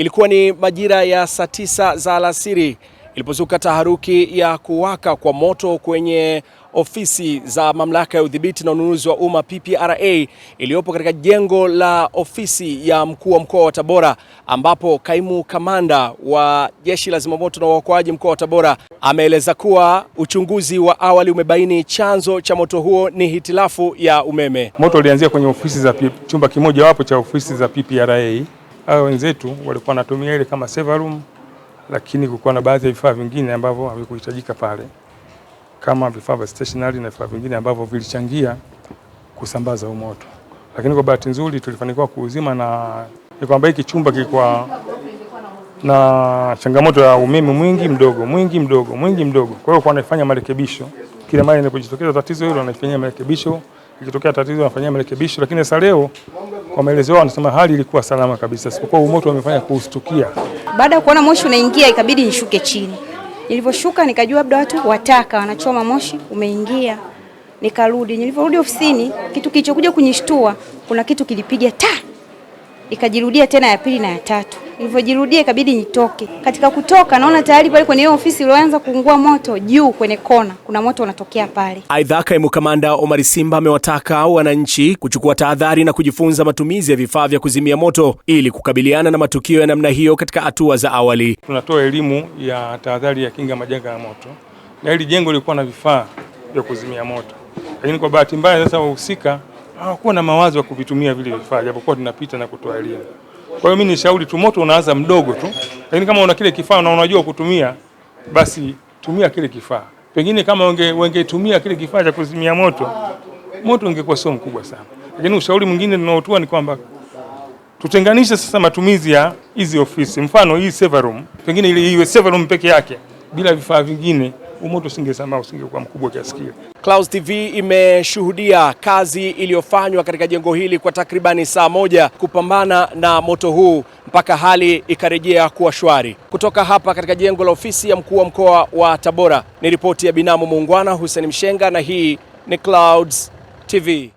Ilikuwa ni majira ya saa tisa za alasiri ilipozuka taharuki ya kuwaka kwa moto kwenye ofisi za mamlaka ya udhibiti na ununuzi wa umma PPRA iliyopo katika jengo la ofisi ya mkuu wa mkoa wa Tabora, ambapo kaimu kamanda wa jeshi la zimamoto na uokoaji mkoa wa Tabora ameeleza kuwa uchunguzi wa awali umebaini chanzo cha moto huo ni hitilafu ya umeme. Moto ulianzia kwenye ofisi za chumba kimoja wapo cha ofisi za PPRA hao wenzetu walikuwa wanatumia ile kama server room, lakini kulikuwa na baadhi ya vifaa vingine ambavyo havikuhitajika pale kama vifaa vya stationary na vifaa vingine ambavyo vilichangia kusambaza huo moto, lakini kwa bahati nzuri tulifanikiwa kuuzima, na ni kwamba hiki chumba kilikuwa na changamoto ya umeme mwingi mdogo mwingi mdogo mwingi mdogo. Kwa hiyo kwa anafanya marekebisho kila mara inapojitokeza tatizo hilo, anafanyia marekebisho ikitokea tatizo wanafanyia marekebisho, lakini sasa leo kwa maelezo yao wanasema hali ilikuwa salama kabisa, sipokuwa moto wamefanya kuustukia. Baada ya kuona moshi unaingia, ikabidi nishuke chini. Nilivyoshuka nikajua labda watu wataka wanachoma moshi umeingia, nikarudi. Nilivyorudi ofisini, kitu kilichokuja kunishtua, kuna kitu kilipiga ta, ikajirudia tena ya pili na ya tatu. Nilivyojirudia ikabidi nitoke. Katika kutoka, naona tayari pale kwenye hiyo ofisi iliyoanza kuungua moto juu kwenye kona, kuna moto unatokea pale. Aidha, kaimu kamanda Omar Simba amewataka wananchi kuchukua tahadhari na kujifunza matumizi ya vifaa vya kuzimia moto ili kukabiliana na matukio ya namna hiyo katika hatua za awali. Tunatoa elimu ya tahadhari ya kinga majanga ya moto, na hili jengo lilikuwa na vifaa vya kuzimia moto, lakini kwa bahati mbaya sasa wahusika hawakuwa na mawazo ya kuvitumia vile vifaa, japokuwa tunapita na kutoa elimu. Kwa hiyo mimi shauri tu, moto unaanza mdogo tu, lakini kama una kile kifaa na unajua kutumia, basi tumia kile kifaa. Pengine kama wangetumia kile kifaa cha kuzimia moto, moto ungekuwa sio mkubwa sana. Lakini ushauri mwingine ninaotoa ni kwamba tutenganishe sasa matumizi ya hizi ofisi, mfano hii server room, pengine ile iwe server room peke yake bila vifaa vingine umoto usingesambaa, usingekuwa mkubwa kiasi kile. Clouds TV imeshuhudia kazi iliyofanywa katika jengo hili kwa takribani saa moja kupambana na moto huu mpaka hali ikarejea kuwa shwari. Kutoka hapa katika jengo la ofisi ya mkuu wa mkoa wa Tabora, ni ripoti ya binamu muungwana Hussein Mshenga, na hii ni Clouds TV.